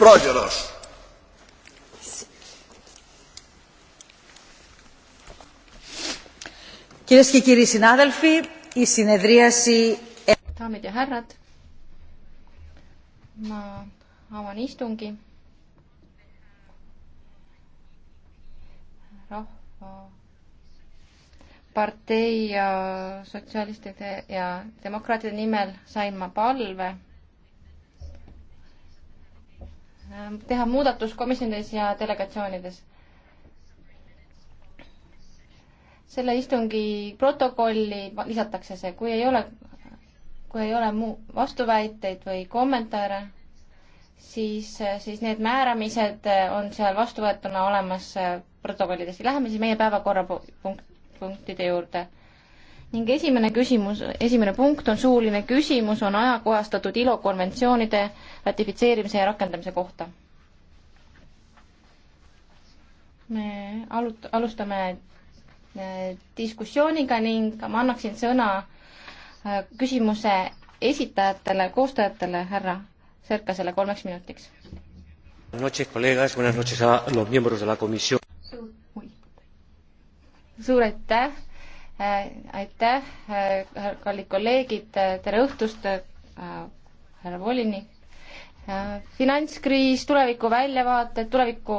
Πρόγερος. Κυρίες και κύριοι συνάδελφοι, η συνεδρίαση... Daamid ja härrad, ma avan istungi. Rahvapartei ja sotsialistide ja demokraatide nimel sain ma palve teha muudatus komisjonides ja delegatsioonides. selle istungi protokolli lisatakse see, kui ei ole, kui ei ole muu vastuväiteid või kommentaare, siis, siis need määramised on seal vastuvõetuna olemas protokollides ja läheme siis meie päevakorrapunktide juurde ning esimene küsimus, esimene punkt on suuline küsimus, on ajakohastatud ILO konventsioonide ratifitseerimise ja rakendamise kohta. me alut-, alustame äh, diskussiooniga ning ma annaksin sõna äh, küsimuse esitajatele, koostajatele, härra Serkasele kolmeks minutiks. suur aitäh Äh, aitäh, äh, kallid kolleegid, äh, tere õhtust, härra volinik. finantskriis, tuleviku väljavaated, tuleviku,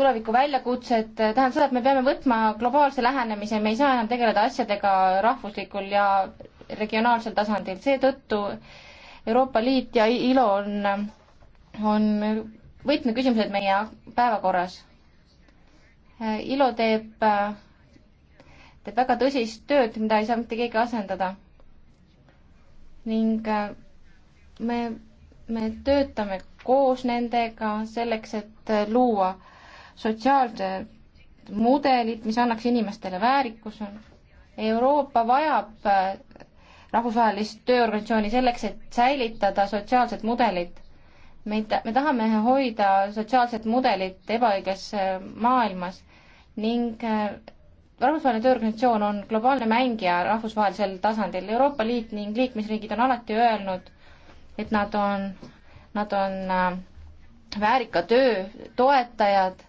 tuleviku väljakutsed, tähendab seda, et me peame võtma globaalse lähenemise, me ei saa enam tegeleda asjadega rahvuslikul ja regionaalsel tasandil, seetõttu Euroopa Liit ja ILO on, on võtmeküsimused meie päevakorras. ILO teeb äh, teeb väga tõsist tööd, mida ei saa mitte keegi asendada. ning äh, me, me töötame koos nendega selleks, et äh, luua sotsiaalsed mudelid, mis annaks inimestele väärikuse. Euroopa vajab äh, rahvusvahelist tööorganisatsiooni selleks, et säilitada sotsiaalsed mudelid. me, me tahame hoida sotsiaalset mudelit ebaõiges maailmas ning rahvusvaheline Tööorganisatsioon on globaalne mängija rahvusvahelisel tasandil. Euroopa Liit ning liikmesriigid on alati öelnud, et nad on, nad on äh, väärika töö toetajad,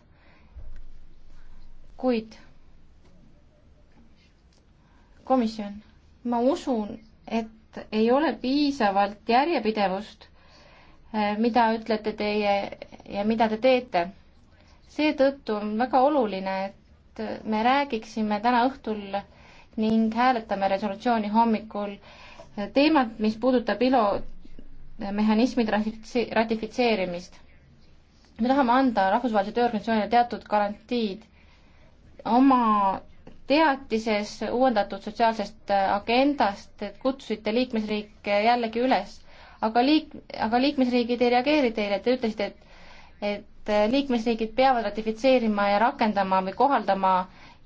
kuid komisjon, ma usun, et ei ole piisavalt järjepidevust, äh, mida ütlete teie ja mida te teete. seetõttu on väga oluline, et et me räägiksime täna õhtul ning hääletame resolutsiooni hommikul teemat, mis puudutab ILO mehhanismid ratifitseerimist. me tahame anda Rahvusvahelise Tööorganisatsioonile teatud garantiid oma teatises uuendatud sotsiaalsest agendast, et kutsusite liikmesriike jällegi üles, aga liik-, aga liikmesriigid ei reageeri teile, te ütlesite, et et et liikmesriigid peavad ratifitseerima ja rakendama või kohaldama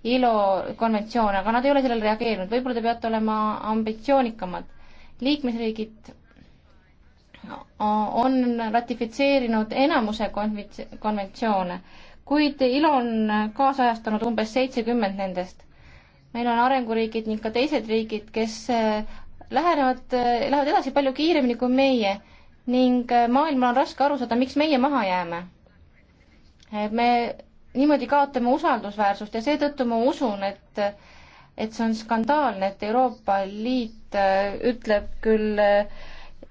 ILO konventsioone, aga nad ei ole sellele reageerinud, võib-olla te peate olema ambitsioonikamad. liikmesriigid on ratifitseerinud enamuse konventsioone, kuid ILO on kaasajastanud umbes seitsekümmend nendest. meil on arenguriigid ning ka teised riigid, kes eh, lähenevad, lähevad edasi palju kiiremini kui meie ning eh, maailmal on raske aru saada, miks meie maha jääme me niimoodi kaotame usaldusväärsust ja seetõttu ma usun, et et see on skandaalne, et Euroopa Liit äh, ütleb küll äh,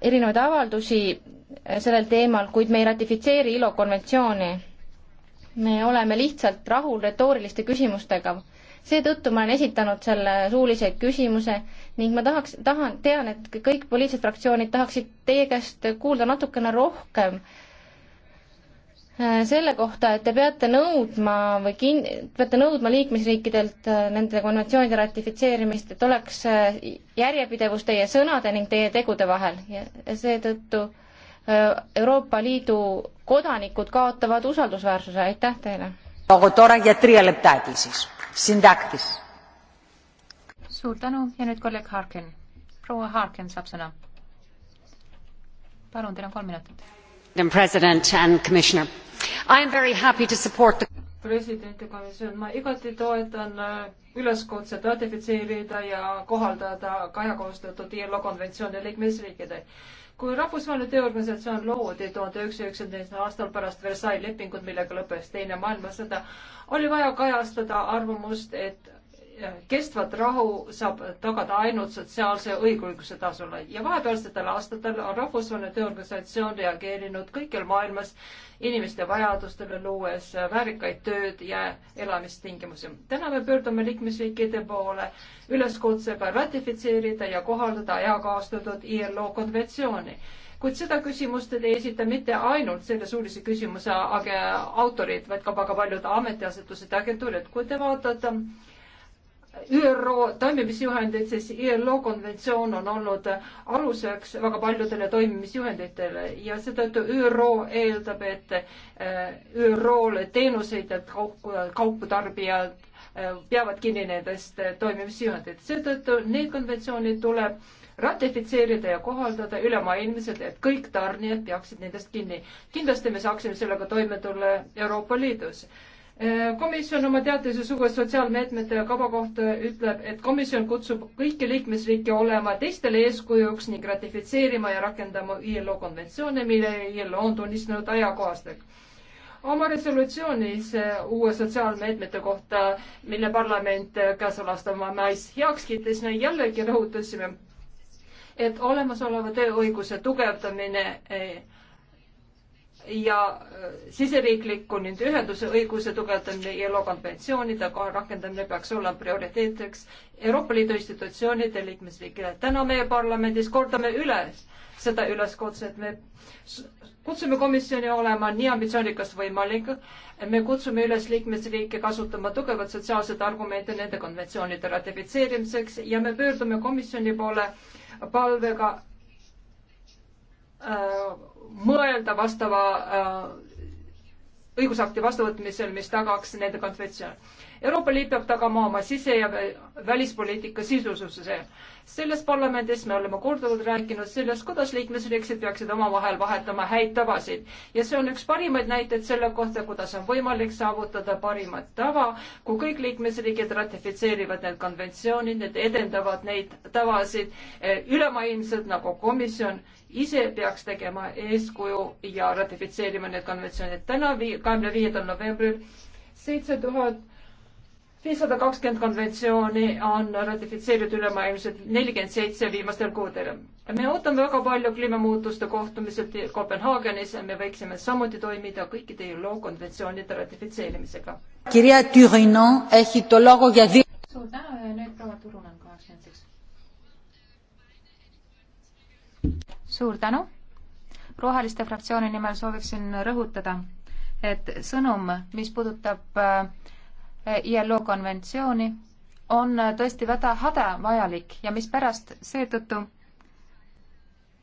erinevaid avaldusi äh, sellel teemal, kuid me ei ratifitseeri ILO konventsiooni. me oleme lihtsalt rahul retooriliste küsimustega. seetõttu ma olen esitanud selle suulise küsimuse ning ma tahaks, tahan, tean, et kõik poliitilised fraktsioonid tahaksid teie käest kuulda natukene rohkem äh, Äh, selle kohta, et te peate nõudma või kin-, peate nõudma liikmesriikidelt äh, nende konventsioonide ratifitseerimist, et oleks äh, järjepidevus teie sõnade ning teie tegude vahel ja seetõttu Euroopa Liidu kodanikud kaotavad usaldusväärsuse, aitäh teile! suur tänu ja nüüd kolleeg Harkin. proua Harkin saab sõna. palun, teil on kolm minutit president ja komisjon, ma igati toetan äh, üleskutset ratifitseerida ja kohaldada kahekohustatud ILO konventsiooni liikmesriikide. kui Rahvusvaheline Tööorganisatsioon loodi tuhande üheksasaja üheksakümnendal aastal pärast Versailles lepingut, millega lõppes Teine maailmasõda, oli vaja kajastada arvamust, et kestvat rahu saab tagada ainult sotsiaalse õigusõiguse tasule ja vahepealsetel aastatel on Rahvusvaheline Tööorganisatsioon reageerinud kõikjal maailmas inimeste vajadustele, luues väärikaid tööd ja elamistingimusi. täna me pöördume liikmesriikide poole üleskutsega ratifitseerida ja kohaldada heakaastatud ILO konventsiooni kuid seda küsimust ei esita mitte ainult selle suulise küsimuse autorid, vaid ka väga paljud ametiasutused ja agentuurid. kui te vaatate äh, ÜRO toimimisjuhendid, siis ILO konventsioon on olnud aluseks väga paljudele toimimisjuhenditele ja seetõttu ÜRO eeldab, et äh, ÜRO-le teenuseid, et kaupu, kaupu tarbijad äh, peavad kinni nendest äh, toimimisjuhendid. seetõttu need konventsioonid tuleb ratifitseerida ja kohaldada ülemaailmselt, et kõik tarnijad peaksid nendest kinni. kindlasti me saaksime sellega toime tulla Euroopa Liidus komisjon oma teatises uue sotsiaalmeetmete kava kohta ütleb, et komisjon kutsub kõiki liikmesriike olema teistele eeskujuks ning ratifitseerima ja rakendama ILO konventsioone, mille ILO on tunnistanud ajakohastega oma resolutsioonis eh, uue sotsiaalmeetmete kohta, mille parlament eh, käesoleva aasta mais heaks kiitis, me jällegi rõhutasime, et olemasoleva tööõiguse tugevdamine ei, eh, ja äh, siseriikliku nende ühenduse õiguse tugevdamine ja konventsioonide rakendamine peaks olema prioriteetideks Euroopa Liidu institutsioonide liikmesriigile. täna meie parlamendis kordame üle seda üleskutset, me kutsume komisjoni olema nii ambitsioonikas võimalik, me kutsume üles liikmesriike kasutama tugevat sotsiaalset argumenti nende konventsioonide ratifitseerimiseks ja me pöördume komisjoni poole palvega äh, mõelda vastava äh, õigusakti vastuvõtmisel, mis tagaks nende konventsioon. Euroopa Liit peab tagama oma sise- ja välispoliitika sisususe. selles parlamendis me oleme korduvalt rääkinud sellest, kuidas liikmesriigid peaksid omavahel vahetama häid tavasid ja see on üks parimaid näiteid selle kohta, kuidas on võimalik saavutada parimat tava, kui kõik liikmesriigid ratifitseerivad need konventsioonid, need edendavad neid tavasid eh, ülemaailmselt nagu komisjon ise peaks tegema eeskuju ja ratifitseerima need konventsioonid. täna, kahekümne viiendal novembril seitse tuhat viissada kakskümmend konventsiooni on ratifitseeritud ülemaailmselt nelikümmend seitse viimastel kuudel. me ootame väga palju kliimamuutuste kohtumiselt Kopenhaagenis ja me võiksime samuti toimida kõikide ÜRO konventsioonide ratifitseerimisega. suur tänu ja nüüd proua Turunen kaheksakümmend üks suur tänu. roheliste fraktsiooni nimel sooviksin rõhutada, et sõnum, mis puudutab äh, ILO konventsiooni, on tõesti väga hädavajalik ja mispärast seetõttu,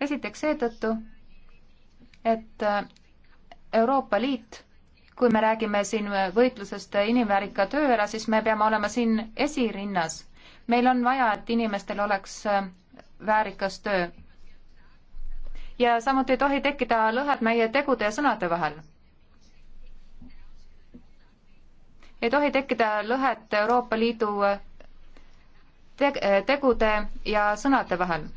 esiteks seetõttu, et äh, Euroopa Liit, kui me räägime siin võitlusest inimväärika töö ära, siis me peame olema siin esirinnas. meil on vaja, et inimestel oleks äh, väärikas töö ja samuti ei tohi tekkida lõhed meie tegude ja sõnade vahel. ei tohi tekkida lõhet Euroopa Liidu eh, eh, tegude ja sõnade vahel.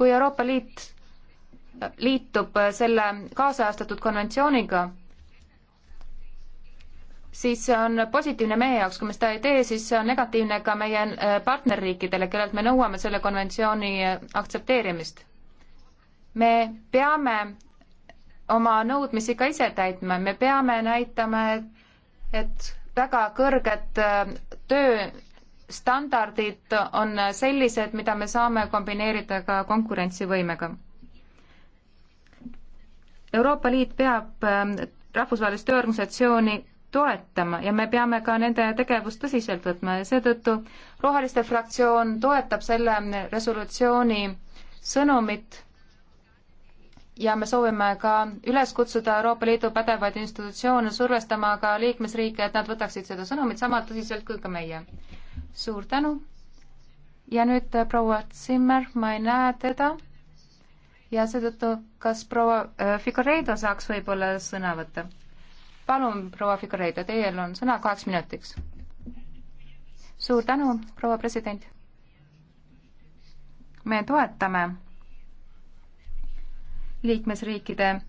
kui Euroopa Liit eh, liitub selle kaasajastatud konventsiooniga, siis see on positiivne meie jaoks, kui me seda ei tee, siis see on negatiivne ka meie partnerriikidele, kellelt me nõuame selle konventsiooni aktsepteerimist me peame oma nõudmisi ka ise täitma, me peame näitama, et väga kõrged äh, tööstandardid on sellised, mida me saame kombineerida ka konkurentsivõimega. Euroopa Liit peab äh, rahvusvahelist tööorganisatsiooni toetama ja me peame ka nende tegevust tõsiselt võtma ja seetõttu Roheliste fraktsioon toetab selle resolutsiooni sõnumit ja me soovime ka üles kutsuda Euroopa Liidu pädevaid institutsioone survestama ka liikmesriike, et nad võtaksid seda sõnumit sama tõsiselt kui ka meie. suur tänu. ja nüüd äh, proua Zimmer, ma ei näe teda. ja seetõttu, kas proua äh, Figureido saaks võib-olla sõna võtta? palun, proua Figureido, teil on sõna kaheks minutiks. suur tänu, proua president. me toetame liikmesriikide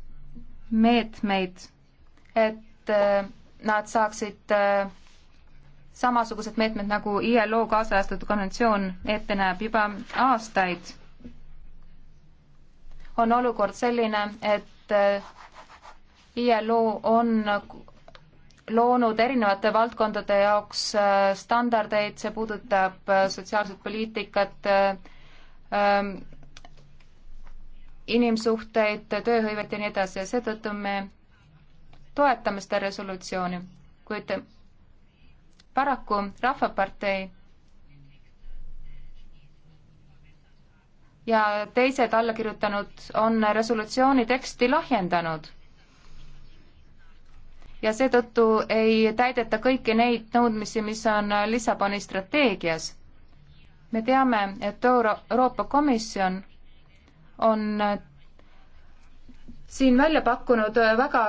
meetmeid, et äh, nad saaksid äh, samasugused meetmed, nagu ILO kaasajastatud konventsioon ette näeb juba aastaid. on olukord selline, et äh, ILO on loonud erinevate valdkondade jaoks standardeid, see puudutab sotsiaalset poliitikat, ähm, inimsuhteid, tööhõivet ja nii edasi ja seetõttu me toetame seda resolutsiooni, kuid paraku Rahvapartei ja teised allakirjutanud on resolutsiooni teksti lahjendanud ja seetõttu ei täideta kõiki neid nõudmisi, mis on Lissaboni strateegias. me teame, et Euro Euroopa Komisjon on äh, siin välja pakkunud äh, väga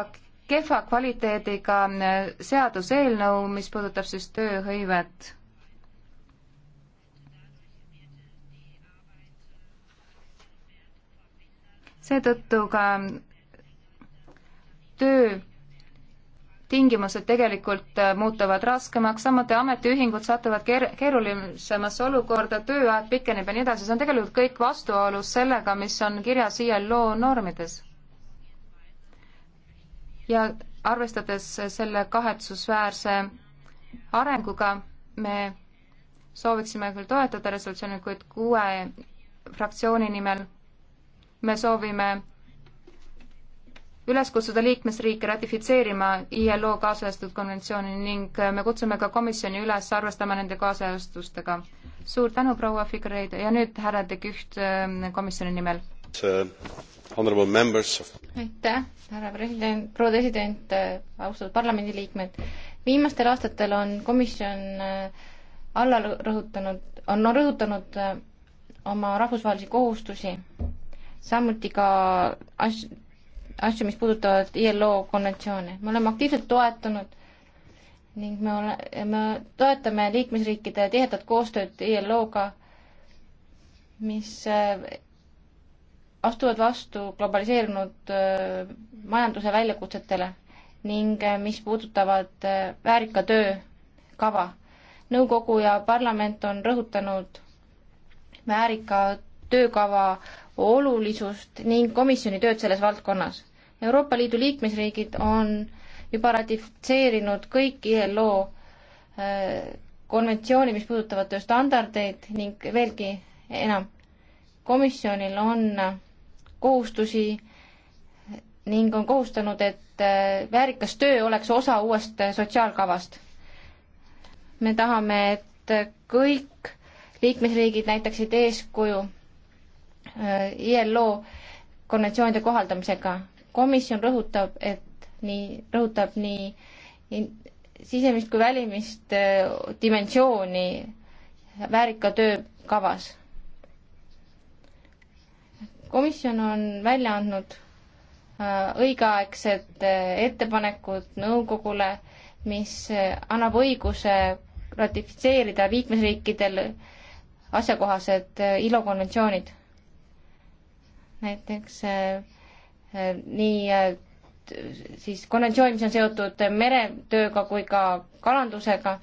kehva kvaliteediga äh, seaduseelnõu, mis puudutab siis tööhõivet. seetõttu ka tingimused tegelikult äh, muutuvad raskemaks, samuti ametiühingud satuvad keer-, keerulisemasse olukorda, tööaeg pikeneb ja nii edasi, see on tegelikult kõik vastuolus sellega, mis on kirjas ILO normides. ja arvestades selle kahetsusväärse arenguga, me sooviksime küll toetada resolutsiooni, kuid kuue fraktsiooni nimel me soovime üles kutsuda liikmesriike ratifitseerima ILO kaasajastatud konventsiooni ning äh, me kutsume ka komisjoni üles arvestama nende kaasajastustega. suur tänu, proua Figureido ja nüüd härra De Küht äh, komisjoni nimel. Uh, aitäh, härra president, proua president, äh, austatud parlamendiliikmed. viimastel aastatel on komisjon alla rõhutanud, on rõhutanud oma rahvusvahelisi kohustusi, samuti ka as-, asju, mis puudutavad ILO konventsioone. me oleme aktiivselt toetanud ning me ole, me toetame liikmesriikide tihedat koostööd ILO-ga, mis äh, astuvad vastu globaliseerunud äh, majanduse väljakutsetele ning äh, mis puudutavad väärika töö kava. nõukogu ja parlament on rõhutanud väärika töökava olulisust ning komisjoni tööd selles valdkonnas. Euroopa Liidu liikmesriigid on juba ratifitseerinud kõik ILO äh, konventsiooni, mis puudutavad tööstandardeid ning veelgi enam, komisjonil on kohustusi ning on kohustanud, et äh, väärikas töö oleks osa uuest äh, sotsiaalkavast. me tahame, et kõik liikmesriigid näitaksid eeskuju ILO konventsioonide kohaldamisega komisjon rõhutab, et nii, rõhutab nii sisemist kui välimist äh, dimensiooni väärika töö kavas. komisjon on välja andnud äh, õigeaegsed äh, ettepanekud nõukogule, mis annab õiguse ratifitseerida liikmesriikidel asjakohased ILO konventsioonid. näiteks äh, Eh, nii eh, siis konventsioon, mis on seotud meretööga kui ka kalandusega,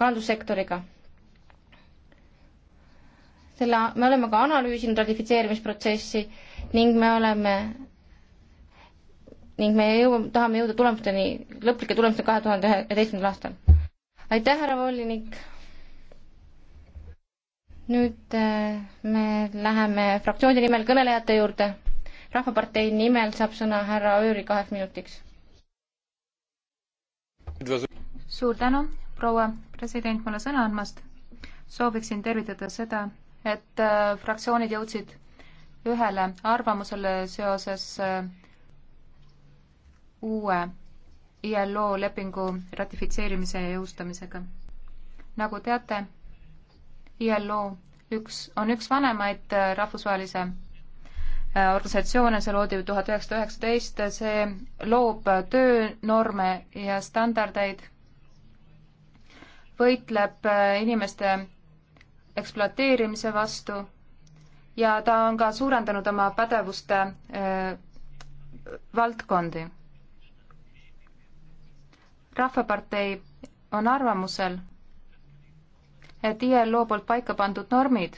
kalandussektoriga. selle, me oleme ka analüüsinud ratifitseerimisprotsessi ning me oleme ning me jõuame, tahame jõuda tulemusteni, lõplike tulemusteni kahe tuhande üheteistkümnendal aastal. aitäh, härra volinik! nüüd eh, me läheme fraktsioonide nimel kõnelejate juurde Rahvapartei nimel saab sõna härra Ööri kaheks minutiks. suur tänu, proua president, mulle sõna andmast. sooviksin tervitada seda, et äh, fraktsioonid jõudsid ühele arvamusele seoses äh, uue ILO lepingu ratifitseerimise ja jõustamisega. nagu teate, ILO üks, on üks vanemaid äh, rahvusvahelise organisatsioon on see loodi tuhat üheksasada üheksateist, see loob töönorme ja standardeid, võitleb inimeste ekspluateerimise vastu ja ta on ka suurendanud oma pädevuste äh, valdkondi. rahvapartei on arvamusel, et ILO poolt paika pandud normid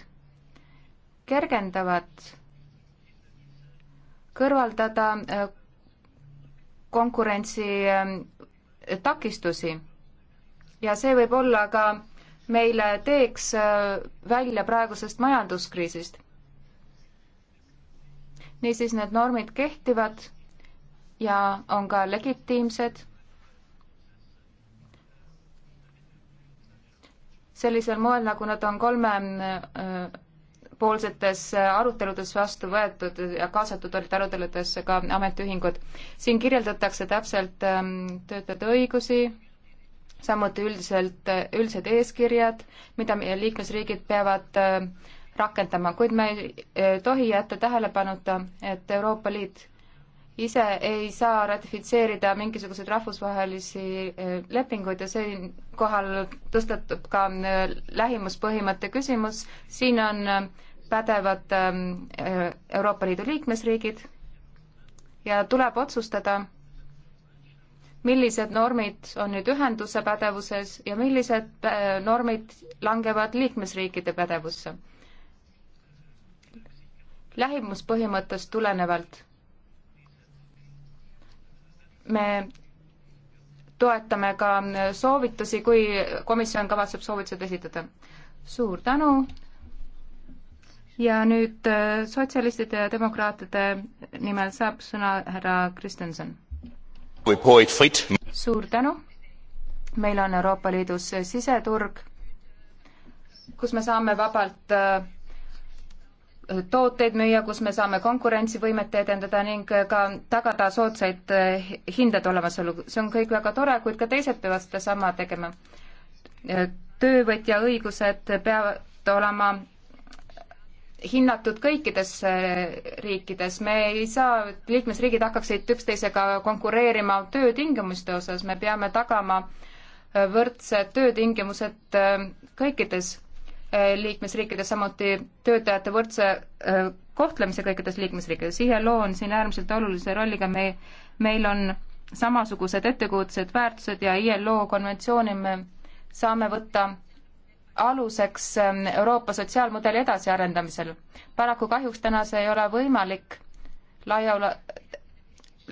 kergendavad kõrvaldada äh, konkurentsi ähm, takistusi. ja see võib olla ka meile teeks äh, välja praegusest majanduskriisist. niisiis, need normid kehtivad ja on ka legitiimsed. sellisel moel, nagu nad on kolme äh, poolsetes aruteludes vastu võetud ja kaasatud olid aruteludesse ka ametiühingud. siin kirjeldatakse täpselt ähm, töötajate õigusi, samuti üldiselt, äh, üldised eeskirjad, mida meie liikmesriigid peavad äh, rakendama, kuid me ei tohi jätta tähelepanuta, et Euroopa Liit ise ei saa ratifitseerida mingisuguseid rahvusvahelisi äh, lepinguid ja siinkohal tõstatub ka lähimuspõhimõtte küsimus. siin on pädevad ähm, äh, Euroopa Liidu liikmesriigid ja tuleb otsustada, millised normid on nüüd ühenduse pädevuses ja millised äh, normid langevad liikmesriikide pädevusse. lähimuspõhimõttest tulenevalt me toetame ka soovitusi, kui komisjon kavatseb soovitused esitada. suur tänu ja nüüd äh, sotsialistide ja demokraatide nimel saab sõna härra Kristjanson. suur tänu. meil on Euroopa Liidus siseturg, kus me saame vabalt äh, tooteid müüa, kus me saame konkurentsivõimet edendada ning ka tagada soodsaid äh, hindade olemasolu. see on kõik väga tore, kuid ka teised peavad sedasama tegema. töövõtja õigused peavad olema hinnatud kõikides äh, riikides, me ei saa, et liikmesriigid hakkaksid üksteisega konkureerima töötingimuste osas, me peame tagama äh, võrdsed töötingimused äh, kõikides liikmesriikides, samuti töötajate võrdse kohtlemise kõikides liikmesriikides. ILO on siin äärmiselt olulise rolliga, me, meil on samasugused ettekujutused, väärtused ja ILO konventsiooni me saame võtta aluseks ähm, Euroopa sotsiaalmudeli edasiarendamisel. paraku kahjuks täna see ei ole võimalik laiaula-,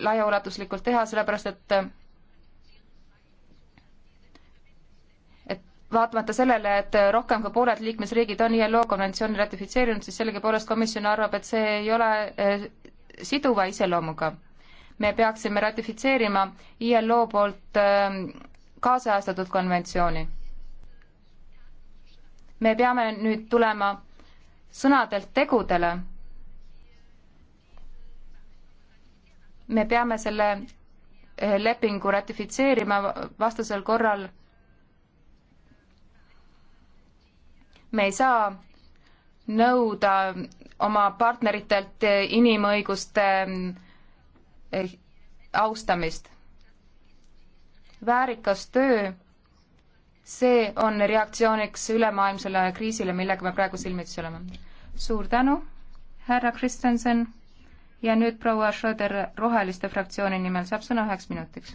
laiaulatuslikult teha, sellepärast et et vaatamata sellele, et rohkem kui pooled liikmesriigid on ILO konventsiooni ratifitseerinud, siis sellegipoolest komisjon arvab, et see ei ole äh, siduva iseloomuga. me peaksime ratifitseerima ILO poolt ähm, kaasajastatud konventsiooni me peame nüüd tulema sõnadelt tegudele. me peame selle eh, lepingu ratifitseerima, vastasel korral me ei saa nõuda oma partneritelt eh, inimõiguste eh, austamist. väärikas töö see on reaktsiooniks ülemaailmsele kriisile, millega me praegu silmitsi oleme. suur tänu, härra Kristjanson ja nüüd proua Schröder Roheliste fraktsiooni nimel saab sõna üheks minutiks.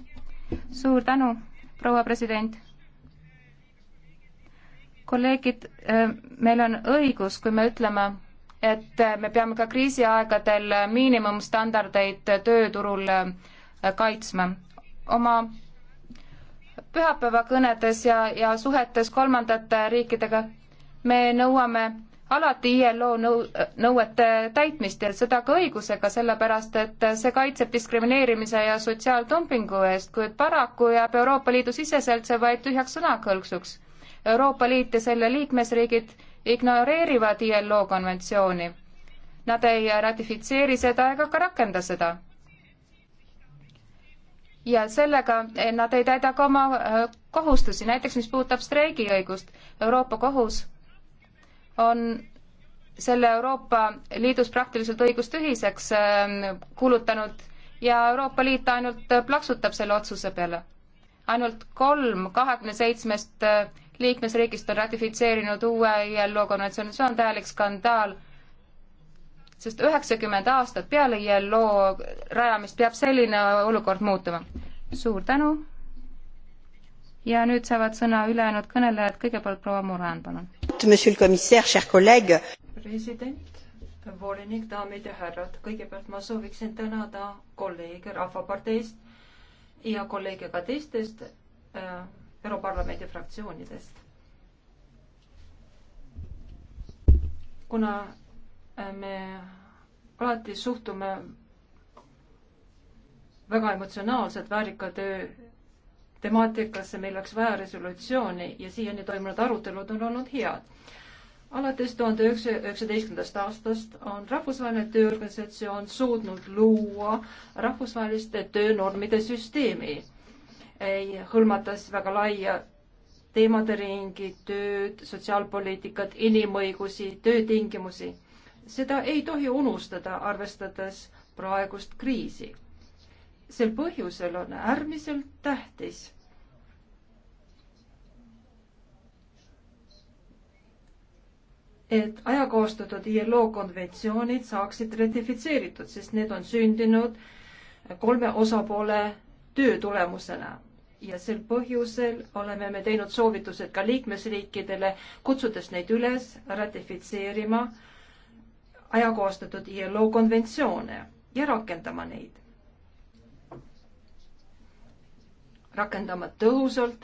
suur tänu, proua president. kolleegid, äh, meil on õigus, kui me ütleme, et äh, me peame ka kriisiaegadel miinimumstandardeid tööturul äh, kaitsma. oma pühapäevakõnedes ja, ja suhetes kolmandate riikidega. me nõuame alati ILO nõu-, nõuete täitmist ja seda ka õigusega, sellepärast et see kaitseb diskrimineerimise ja sotsiaaltumpingu eest, kuid paraku jääb Euroopa Liidu siseselt see vaid tühjaks sõnakõlksuks. Euroopa Liit ja selle liikmesriigid ignoreerivad ILO konventsiooni. Nad ei ratifitseeri seda ega ka rakenda seda ja sellega eh, nad ei täida ka oma eh, kohustusi, näiteks mis puudutab streigiõigust. Euroopa Kohus on selle Euroopa Liidus praktiliselt õigustühiseks eh, kuulutanud ja Euroopa Liit ainult plaksutab selle otsuse peale. ainult kolm kahekümne seitsmest liikmesriigist on ratifitseerinud uue ILO konventsiooni, see on täielik skandaal sest üheksakümmend aastat peale ILO rajamist peab selline olukord muutuma. suur tänu. ja nüüd saavad sõna ülejäänud kõnelejad, kõigepealt proua Murhan, palun. president, volinik, daamid ja härrad, kõigepealt ma sooviksin tänada kolleege Rahvaparteist ja kolleege ka teistest äh, Europarlamendi fraktsioonidest. kuna me alati suhtume väga emotsionaalselt väärika töö temaatikasse, meil oleks vaja resolutsiooni ja siiani toimunud arutelud on olnud head. alates tuhande üheksasaja üheksateistkümnendast aastast on Rahvusvaheline Tööorganisatsioon suutnud luua rahvusvaheliste töönormide süsteemi, hõlmates väga laia teemade ringi, tööd, sotsiaalpoliitikat, inimõigusi, töötingimusi seda ei tohi unustada, arvestades praegust kriisi. sel põhjusel on äärmiselt tähtis et ajakoostatud ILO konventsioonid saaksid ratifitseeritud, sest need on sündinud kolme osapoole töö tulemusena. ja sel põhjusel oleme me teinud soovitused ka liikmesriikidele, kutsudes neid üles ratifitseerima äh, ajakohastatud ILO konventsioone ja rakendama neid. rakendama tõhusalt,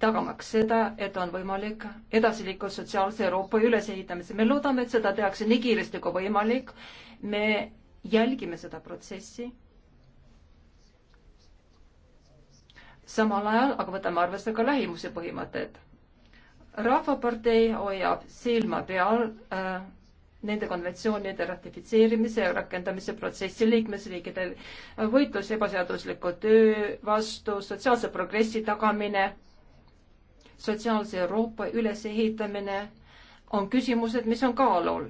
tagamaks seda, et on võimalik edasi liikuda sotsiaalse Euroopa ülesehitamisel. me loodame, et seda tehakse nii kiiresti kui võimalik. me jälgime seda protsessi. samal ajal aga võtame arvesse ka lähimuse põhimõtted rahvapartei hoiab silma peal äh, nende konventsioonide ratifitseerimise ja rakendamise protsessi liikmesriikidel, võitlus ebaseadusliku töö vastu, sotsiaalse progressi tagamine, sotsiaalse Euroopa ülesehitamine on küsimused, mis on kaalul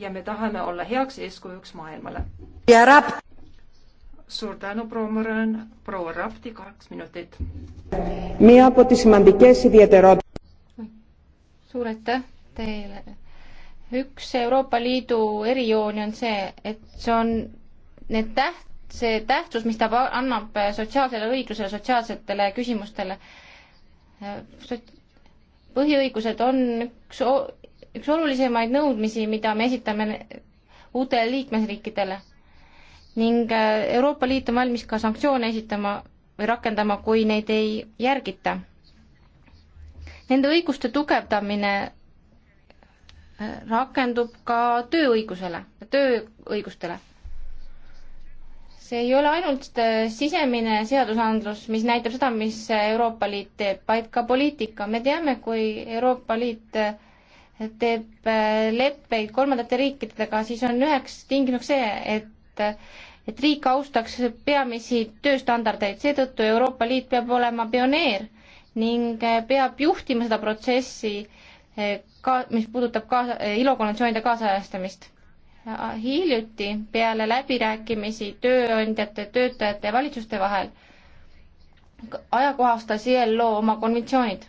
ja me tahame olla heaks eeskujuks maailmale. suur tänu, proua Mõrõn, proua Rafti, kaks minutit. suur aitäh teile üks Euroopa Liidu erijooni on see, et see on need täht-, see tähtsus, mis ta annab sotsiaalsele õiglusele, sotsiaalsetele küsimustele. põhiõigused on üks, üks olulisemaid nõudmisi, mida me esitame uutele liikmesriikidele ning äh, Euroopa Liit on valmis ka sanktsioone esitama või rakendama, kui neid ei järgita. Nende õiguste tugevdamine rakendub ka tööõigusele, tööõigustele. see ei ole ainult äh, sisemine seadusandlus, mis näitab seda, mis Euroopa Liit teeb, vaid ka poliitika. me teame, kui Euroopa Liit äh, teeb äh, leppeid kolmandate riikidega, siis on üheks tingimuseks see, et et riik austaks peamisi tööstandardeid, seetõttu Euroopa Liit peab olema pioneer ning peab juhtima seda protsessi ka, mis puudutab kaasa, ILO konventsioonide kaasajastamist. hiljuti peale läbirääkimisi tööandjate, töötajate ja valitsuste vahel ajakohastas ILO oma konventsioonid.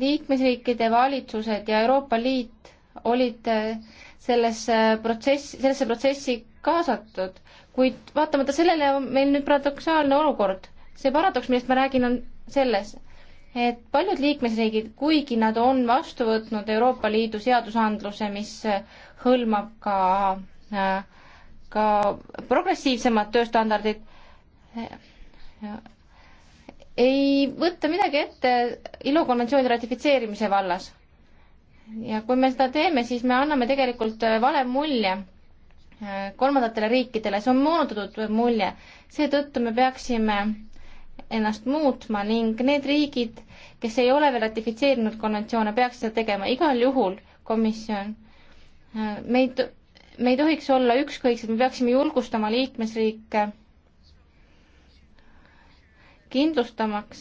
liikmesriikide valitsused ja Euroopa Liit olid äh, sellesse protsessi, sellesse protsessi kaasatud, kuid vaatamata sellele on meil nüüd paradoksaalne olukord. see paradoks, millest ma räägin, on selles, et paljud liikmesriigid, kuigi nad on vastu võtnud Euroopa Liidu seadusandluse, mis hõlmab ka, ka progressiivsemad tööstandardid, ei võta midagi ette ILO konventsiooni ratifitseerimise vallas. ja kui me seda teeme, siis me anname tegelikult vale mulje äh, kolmandatele riikidele, see on moonutatud mulje. seetõttu me peaksime ennast muutma ning need riigid, kes ei ole veel ratifitseerinud konventsioone, peaks seda tegema, igal juhul komisjon, äh, me ei, me ei tohiks olla ükskõiksed, me peaksime julgustama liikmesriike kindlustamaks,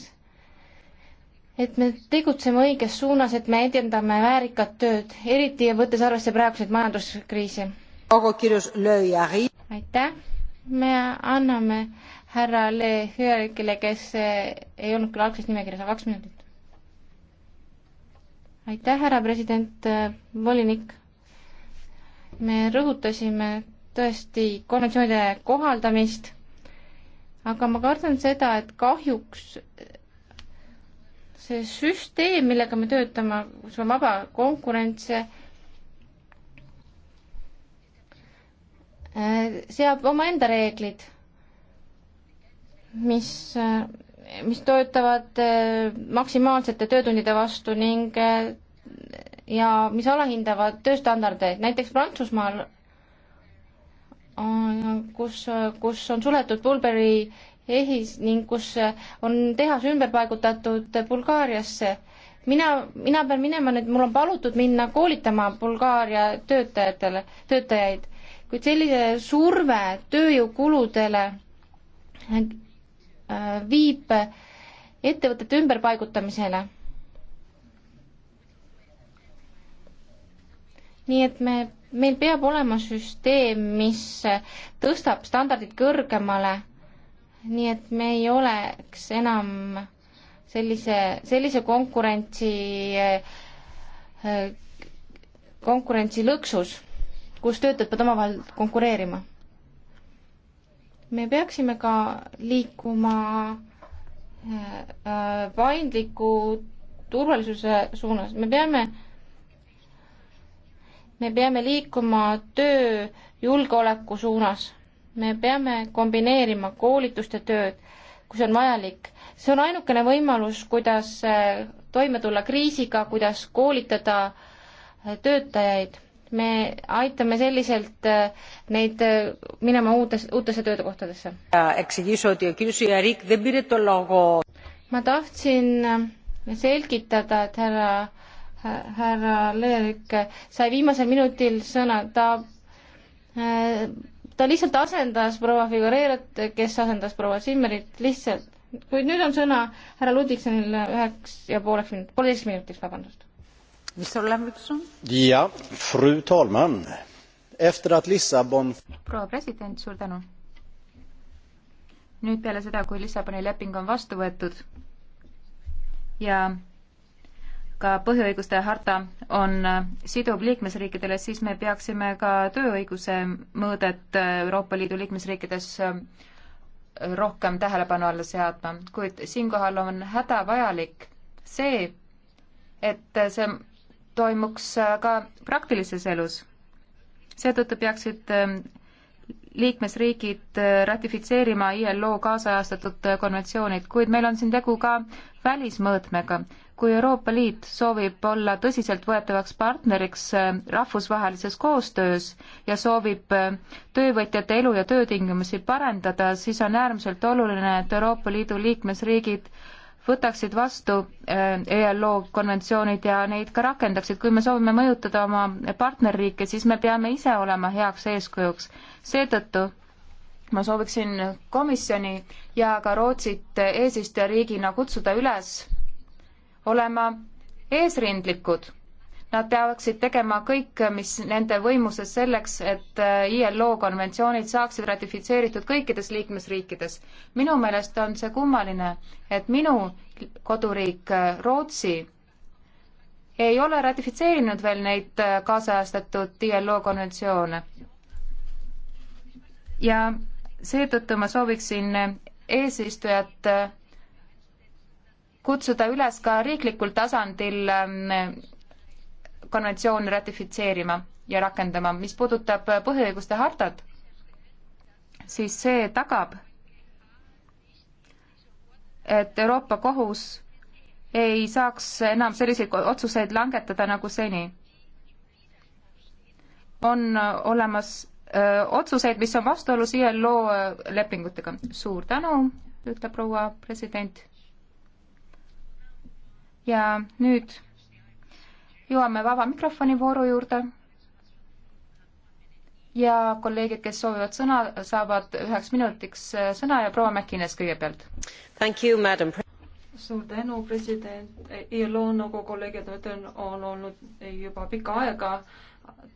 et me tegutseme õiges suunas, et me edendame väärikat tööd, eriti võttes arvesse praeguseid majanduskriise. aitäh, me anname härra Le Hüerikile, kes äh, ei olnud küll algses nimekirjas, aga kaks minutit aitäh, härra president, äh, volinik. me rõhutasime tõesti konventsioonide kohaldamist, aga ma kardan seda, et kahjuks see süsteem, millega me töötame, kus on vaba konkurents, äh, seab omaenda reeglid, mis äh, mis töötavad eh, maksimaalsete töötundide vastu ning eh, ja mis alahindavad tööstandardeid, näiteks Prantsusmaal, eh, kus, kus on suletud Bulberi ehis ning kus on tehas ümber paigutatud Bulgaariasse. mina, mina pean minema nüüd, mul on palutud minna koolitama Bulgaaria töötajatele, töötajaid, kuid sellise surve tööjõukuludele viib ettevõtete ümberpaigutamisele. nii et me, meil peab olema süsteem, mis tõstab standardid kõrgemale, nii et me ei oleks enam sellise, sellise konkurentsi, konkurentsi lõksus, kus töötajad peavad omavahel konkureerima me peaksime ka liikuma äh, äh, paindliku turvalisuse suunas, me peame, me peame liikuma töö julgeoleku suunas, me peame kombineerima koolitust ja tööd, kui see on vajalik. see on ainukene võimalus, kuidas äh, toime tulla kriisiga, kuidas koolitada töötajaid me aitame selliselt äh, neid äh, minema uutes, uutesse töökohtadesse. ma tahtsin äh, selgitada, et härra, härra Leerik sai viimasel minutil sõna, ta, ta lihtsalt asendas proua Figureerat, kes asendas proua Simmerit, lihtsalt. kuid nüüd on sõna härra Ludvigsonil üheks ja pooleks minut-, poolteiseks minutiks, vabandust. Ja, fru talman! Efter att Lissabon... proua president, suur tänu! nüüd peale seda, kui Lissaboni leping on vastu võetud ja ka põhiõiguste harta on äh, siduv liikmesriikidele, siis me peaksime ka tööõiguse mõõdet äh, Euroopa Liidu liikmesriikides äh, rohkem tähelepanu alla seadma, kuid siinkohal on hädavajalik see, et see toimuks äh, ka praktilises elus. seetõttu peaksid äh, liikmesriigid äh, ratifitseerima ILO kaasajastatud konventsioonid, kuid meil on siin tegu ka välismõõtmega. kui Euroopa Liit soovib olla tõsiseltvõetavaks partneriks rahvusvahelises koostöös ja soovib töövõtjate elu ja töötingimusi parendada, siis on äärmiselt oluline, et Euroopa Liidu liikmesriigid äh, võtaksid vastu ÜRO äh, e konventsioonid ja neid ka rakendaksid. kui me soovime mõjutada oma partnerriike, siis me peame ise olema heaks eeskujuks. seetõttu ma sooviksin komisjoni ja ka Rootsit eesistujariigina kutsuda üles olema eesrindlikud Nad peaksid tegema kõik, mis nende võimuses selleks, et äh, ILO konventsioonid saaksid ratifitseeritud kõikides liikmesriikides. minu meelest on see kummaline, et minu koduriik äh, Rootsi ei ole ratifitseerinud veel neid äh, kaasajastatud ILO konventsioone. ja seetõttu ma sooviksin eesistujat kutsuda üles ka riiklikul tasandil ähm, konventsiooni ratifitseerima ja rakendama. mis puudutab põhiõiguste hartat, siis see tagab, et Euroopa Kohus ei saaks enam selliseid otsuseid langetada nagu seni. on olemas öö, otsuseid, mis on vastuolus ILO lepingutega. suur tänu, ütleb proua president. ja nüüd jõuame vaba mikrofoni vooru juurde. ja kolleegid, kes soovivad sõna, saavad üheks minutiks äh, sõna ja proua Mäkkines kõigepealt. suur tänu, president. ILO nõukogu kolleegid, ma ütlen, on olnud juba pikka aega äh,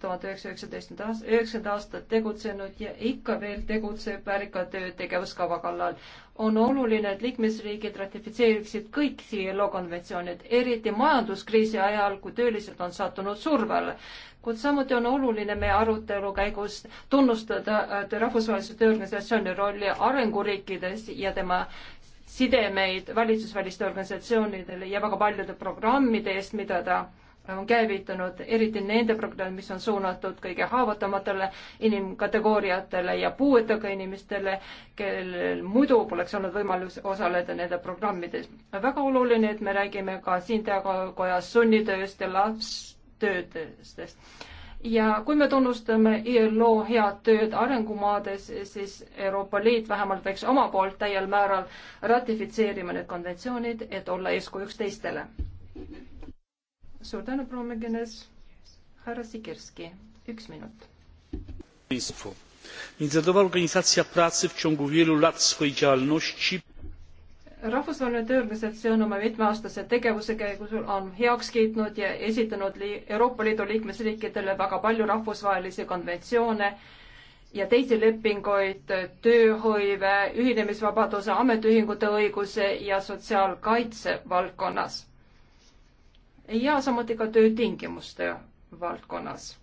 tuhat üheksasaja üheksateistkümnenda aasta, üheksakümmend aastat tegutsenud ja ikka veel tegutseb väärika töö tegevuskava kallal. on oluline, et liikmesriigid ratifitseeriksid kõik CLO konventsioonid, eriti majanduskriisi ajal, kui töölised on sattunud surve alla. kuid samuti on oluline meie arutelu käigus tunnustada äh, Rahvusvahelise Tööorganisatsiooni rolli arenguriikides ja tema sidemeid valitsusväliste organisatsioonidele ja väga paljude programmide eest, mida ta on käivitunud, eriti nende programm, mis on suunatud kõige haavatavamatele inimkategooriatele ja puuetega inimestele, kellel muidu poleks olnud võimalus osaleda nende programmides. väga oluline, et me räägime ka siin teadukojas sunnitööst ja lapstöödest. ja kui me tunnustame ILO head tööd arengumaades, siis Euroopa Liit vähemalt peaks oma poolt täiel määral ratifitseerima need konventsioonid, et olla eeskujuks teistele suur tänu, proua Mägenes. härra Sikerski, üks minut. Międzynarodowa Organizacja Pracy w ciągu wielu lat swojej działalności rahvusvaheline tööorganisatsioon oma mitmeaastase tegevuse käigus on heaks kiitnud ja esitanud li Euroopa Liidu liikmesriikidele väga palju rahvusvahelisi konventsioone ja teisi lepinguid tööhõive, ühinemisvabaduse, ametiühingute õiguse ja sotsiaalkaitse valdkonnas ja samuti ka töötingimuste valdkonnas.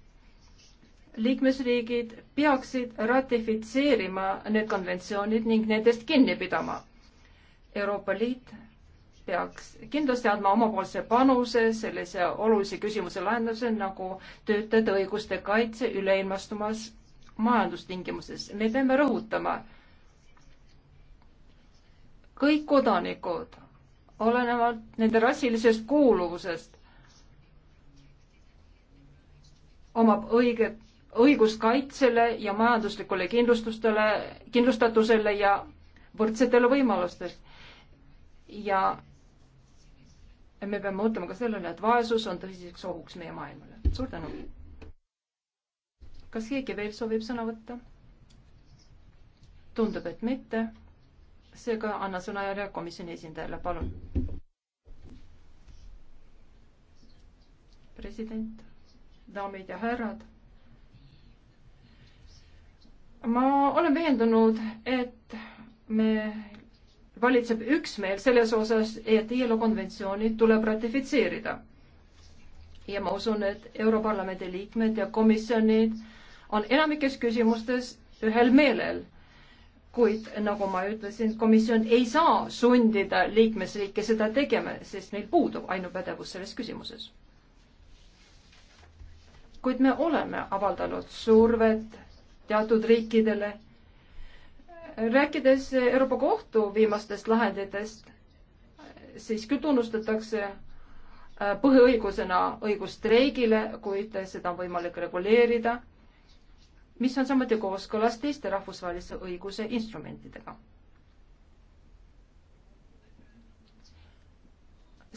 liikmesriigid peaksid ratifitseerima need konventsioonid ning nendest kinni pidama. Euroopa Liit peaks kindlasti andma omapoolse panuse sellise olulise küsimuse lahendamisel nagu töötajate õiguste kaitse üleilmastumas majandustingimustes. me peame rõhutama, kõik kodanikud, olenevalt nende rassilisest kuuluvusest, omab õige, õigust kaitsele ja majanduslikule kindlustustele, kindlustatusele ja võrdsetele võimalustele. ja me peame mõtlema ka sellele, et vaesus on tõsiseks ohuks meie maailmale. suur tänu. kas keegi veel soovib sõna võtta? tundub, et mitte. seega annan sõna järje komisjoni esindajale, palun. president daamid ja härrad. ma olen veendunud, et me, valitseb üksmeel selles osas, et ILO konventsioonid tuleb ratifitseerida. ja ma usun, et Europarlamendi liikmed ja komisjonid on enamikes küsimustes ühel meelel kuid nagu ma ütlesin, komisjon ei saa sundida liikmesriike seda tegema, sest neil puudub ainupädevus selles küsimuses kuid me oleme avaldanud survet teatud riikidele. rääkides Euroopa Kohtu viimastest lahenditest, siis küll tunnustatakse äh, põhiõigusena õigus streigile, kuid seda on võimalik reguleerida, mis on samuti kooskõlas teiste rahvusvahelise õiguse instrumentidega.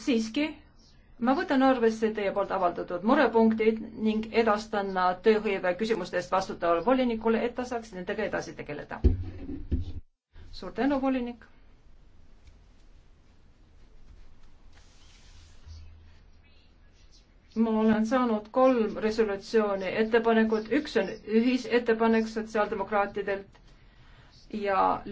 siiski ma võtan arvesse teie poolt avaldatud murepunktid ning edastan nad tööhõive küsimuste eest vastutavale volinikule, et ta saaks nendega edasi tegeleda. suur tänu, volinik. ma olen saanud kolm resolutsiooni ettepanekut, üks on ühisettepanek sotsiaaldemokraatidelt ja